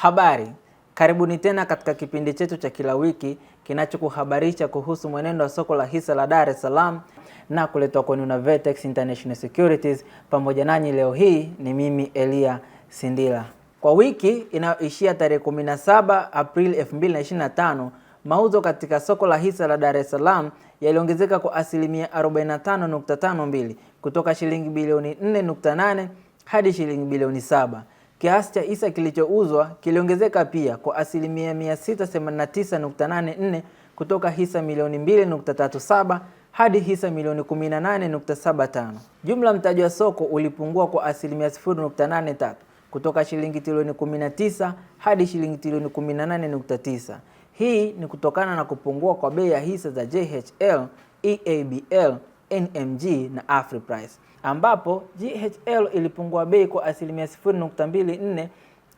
Habari, karibuni tena katika kipindi chetu cha kila wiki kinachokuhabarisha kuhusu mwenendo wa soko la hisa la Dar es Salaam na kuletwa kwenu na Vertex International Securities. Pamoja nanyi leo hii ni mimi Elia Sindila. Kwa wiki inayoishia tarehe 17 Aprili 2025, mauzo katika soko la hisa la Dar es Salaam yaliongezeka kwa asilimia 45.52 kutoka shilingi bilioni 4.8 hadi shilingi bilioni 7. Kiasi cha hisa kilichouzwa kiliongezeka pia kwa asilimia 689.84 kutoka hisa milioni 2.37 hadi hisa milioni 18.75. Jumla mtaji wa soko ulipungua kwa asilimia 0.83 kutoka shilingi trilioni 19 hadi shilingi trilioni 18.9. Hii ni kutokana na kupungua kwa bei ya hisa za JHL, EABL NMG na Afriprice, ambapo GHL ilipungua bei kwa asilimia 0.24,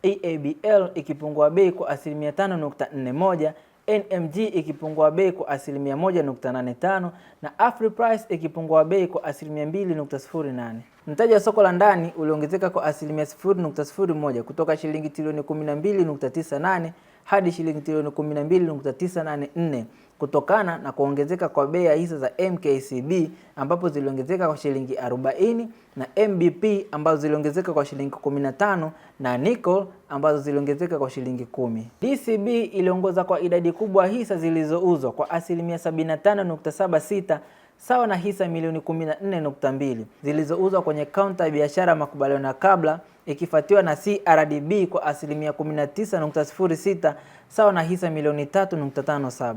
EABL ikipungua bei kwa asilimia 5.41, NMG ikipungua bei kwa asilimia 1.85 na Afriprice ikipungua bei kwa asilimia 2.08. Mtaji wa soko la ndani uliongezeka kwa asilimia 0.01 kutoka shilingi trilioni 12.98 hadi shilingi trilioni 12.984 kutokana na kuongezeka kwa bei ya hisa za MKCB ambapo ziliongezeka kwa shilingi 40 na MBP ambazo ziliongezeka kwa shilingi 15 na Nickel ambazo ziliongezeka kwa shilingi kumi. DCB iliongoza kwa idadi kubwa hisa zilizouzwa kwa asilimia 75.76 sawa na hisa milioni 14.2 zilizouzwa kwenye kaunta ya biashara makubaliano ya kabla ikifuatiwa na CRDB kwa asilimia 19.06 sawa na hisa milioni 3.57.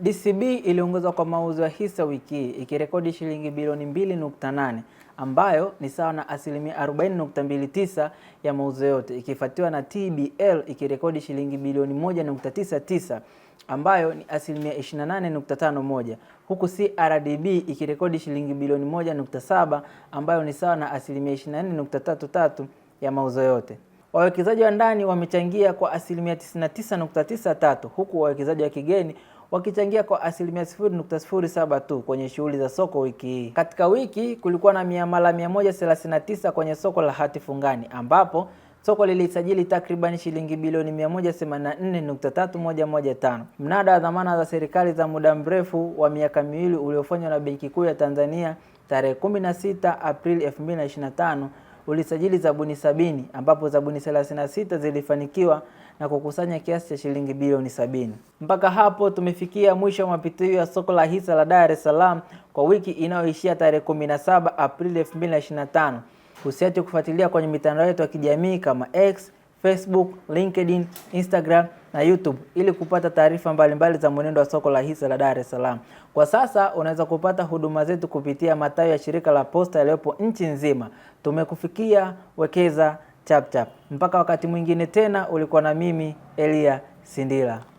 DCB iliongezwa kwa mauzo ya hisa wiki hii ikirekodi shilingi bilioni 2.8 ambayo ni sawa na asilimia 40.29 ya mauzo yote ikifuatiwa na TBL ikirekodi shilingi bilioni 1.99 ambayo ni asilimia 28.51 huku CRDB ikirekodi shilingi bilioni 1.7 ambayo ni sawa na asilimia 24.33 ya mauzo yote. Wawekezaji wa ndani wamechangia kwa asilimia 99.93 huku wawekezaji wa kigeni wakichangia kwa asilimia 0.07 tu kwenye shughuli za soko wiki hii. Katika wiki kulikuwa na miamala 139 kwenye soko la hati fungani ambapo soko lilisajili takriban shilingi bilioni 184.3115. Mnada wa dhamana za serikali za muda mrefu wa miaka miwili uliofanywa na Benki Kuu ya Tanzania tarehe 16 Aprili 2025 ulisajili zabuni sabini ambapo zabuni 36 zilifanikiwa na kukusanya kiasi cha shilingi bilioni sabini. Mpaka hapo tumefikia mwisho wa mapitio ya soko la hisa la Dar es Salaam kwa wiki inayoishia tarehe 17 Aprili 2025. Usiache kufuatilia kwenye mitandao yetu ya kijamii kama X, Facebook, LinkedIn, Instagram na YouTube ili kupata taarifa mbalimbali za mwenendo wa soko la hisa la Dar es Salaam. Kwa sasa unaweza kupata huduma zetu kupitia matawi ya shirika la posta yaliyopo nchi nzima. Tumekufikia, wekeza chapchap. Mpaka wakati mwingine tena, ulikuwa na mimi Elia Sindila.